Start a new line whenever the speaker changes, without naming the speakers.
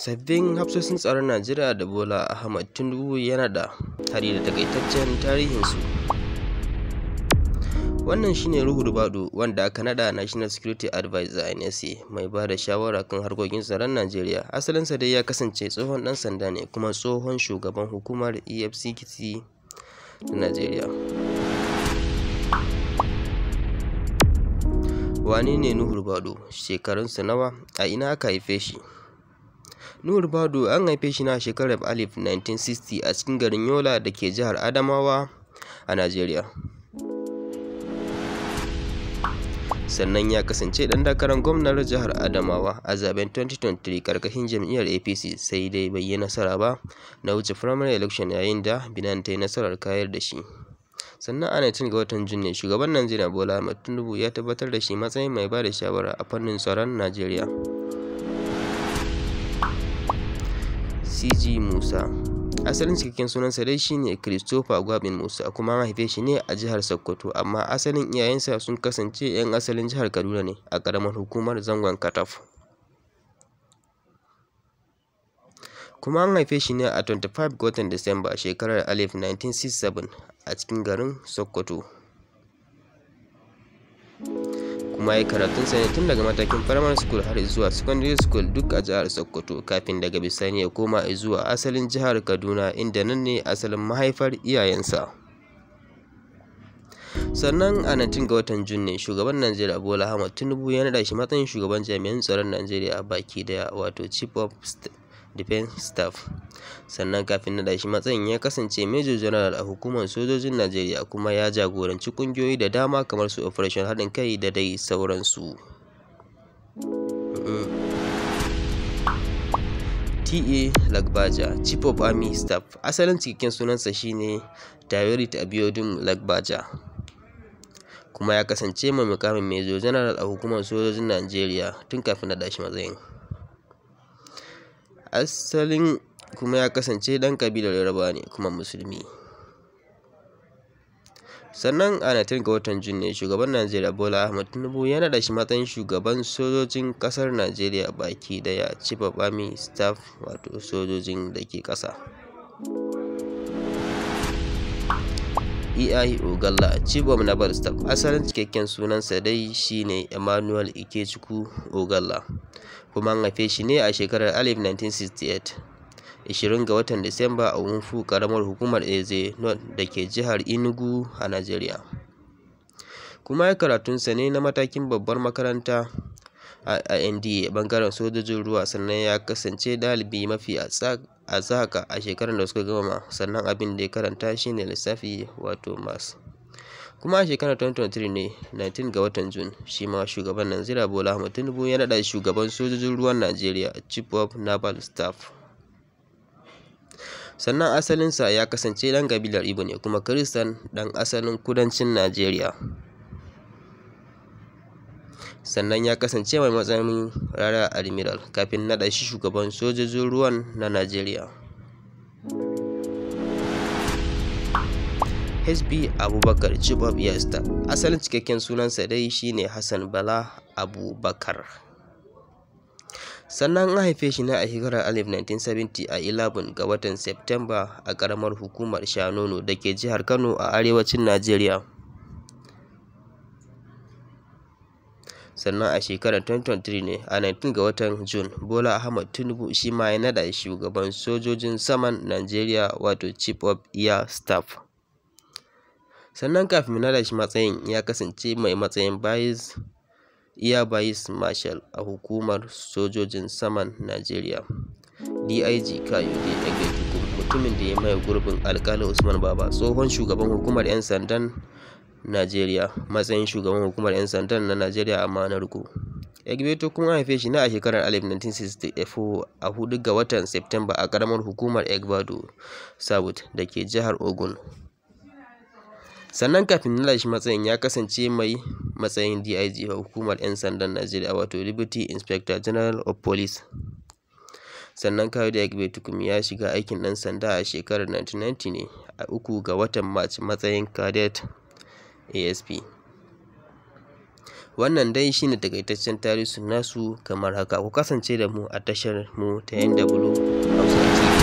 sabbin hafsoshin tsaron najeriya da bola ahmad tinubu yana da hari da takaitaccen tarihinsu wannan shine ruhu rubadu wanda aka nada national security advisor nsa mai ba da shawara kan harkokin tsaron najeriya asalinsa dai ya kasance tsohon dan sanda ne kuma tsohon shugaban hukumar efcc ta najeriya wane ne nuhu rubadu shekarunsa nawa a ina aka haife shi nur Bado an haife shi na shekarar alif 1960 a cikin garin Yola da ke jihar Adamawa a Najeriya. Sannan ya kasance ɗan takarar gwamnar jihar Adamawa a zaben 2023 karkashin jam'iyyar APC sai dai bai yi nasara ba na wuce primary election yayin da Binan ta yi nasarar kayar da shi. sannan a 19 ga watan juni shugaban Najeriya Bola Ahmed Tinubu ya tabbatar da shi matsayin mai ba da shawara a fannin tsaron Najeriya. CG Musa. Asalin cikakken sunansa dai shine Christopher Gwabin Musa kuma mahaife shi ne a jihar Sokoto amma asalin iyayensa sun kasance 'yan asalin jihar Kaduna ne a ƙaramar hukumar zangon Kataf. Kuma an haife shi ne a 25 ga watan Disamba shekarar 1967 a cikin garin Sokoto. kuma ya karatun sa ne tun daga matakin primary school har zuwa secondary school duk a jihar Sokoto kafin daga bisani ya koma zuwa asalin jihar Kaduna inda nan ne asalin mahaifar iyayensa. sannan a 19 ga watan junne shugaban najeriya bola ahmad tinubu ya naɗa shi matsayin shugaban jami'an tsaron najeriya baki daya wato chief of defense staff sannan kafin na dashi matsayin ya kasance major general a hukumar sojojin najeriya kuma ya jagoranci ƙungiyoyi da dama kamar su operation haɗin kai da dai sauransu ta lagbaja chief of army staff asalin cikakken sunansa shine tawirit abiodun lagbaja kuma ya kasance mai mukamin major general a hukumar sojojin najeriya tun kafin na dashi matsayin asalin kuma ya kasance ɗan ƙabilar Yarbawa ne kuma musulmi. Sannan a 19 ga watan juni shugaban Najeriya Bola Ahmed Tinubu yana da shi matsayin shugaban sojojin ƙasar Najeriya baki daya Chief of Army Staff wato sojojin da ke ƙasa. ei ogalla cibom na staff asalin cikakken sunansa dai shine emmanuel ikechukwu ogalla kuma an haife shi ne a shekarar 1968 20 ga watan disamba a wunfu karamar hukumar eze north da ke jihar enugu a Najeriya. kuma ya karatunsa ne na matakin babbar makaranta A NDA, bangaren sojojin ruwa sannan ya kasance ɗalibi mafi a tsaka a shekarar da suka gama sannan abin da ya karanta shine lissafi wato Mas. kuma a shekarar 2023 ne 19 ga watan jun shi ma shugaban Zira bola ahmed tinubu ya naɗa shugaban sojojin ruwan najeriya chief of naval staff sannan asalinsa ya kasance ɗan kabilar ibo ne kuma kristan ɗan asalin kudancin najeriya sannan ya kasance mai matsayin rara admiral kafin naɗa shi shugaban sojojin ruwan na najeriya hb abubakar chibob yasta asalin cikakken sunansa dai shine hassan bala abubakar sannan an haife shi na a shekarar 1970 a ilabun ga watan septemba a karamar hukumar shanono da ke jihar kano a arewacin najeriya sannan a shekarar 2023 ne a 19 ga watan jun bola ahmad tinubu shi ma ya nada shugaban sojojin saman najeriya wato chief of air staff sannan kafin nada shi matsayin ya kasance mai matsayin bayis iya bayis marshal a hukumar sojojin saman najeriya dig kayode daga mutumin da ya maye gurbin alkali usman baba tsohon shugaban hukumar 'yan sandan Najeriya matsayin shugaban hukumar 'yan sanda na Najeriya a na riko. Egbeto kuma haife shi na a shekarar 1964 a hudu ga watan Septemba a ƙaramar hukumar Egbado South da ke jihar Ogun. Sannan kafin na shi matsayin ya kasance mai matsayin DIG a hukumar 'yan sandan Najeriya wato Liberty Inspector General of Police. sannan Kayode Egbetukun ya shiga aikin ɗan sanda a shekarar 1990 ne a uku ga watan Mac matsayin cadet asp wannan dai shi shine takaitaccen tarihi nasu kamar haka ku kasance da mu a tashar mu ta nw hausa tv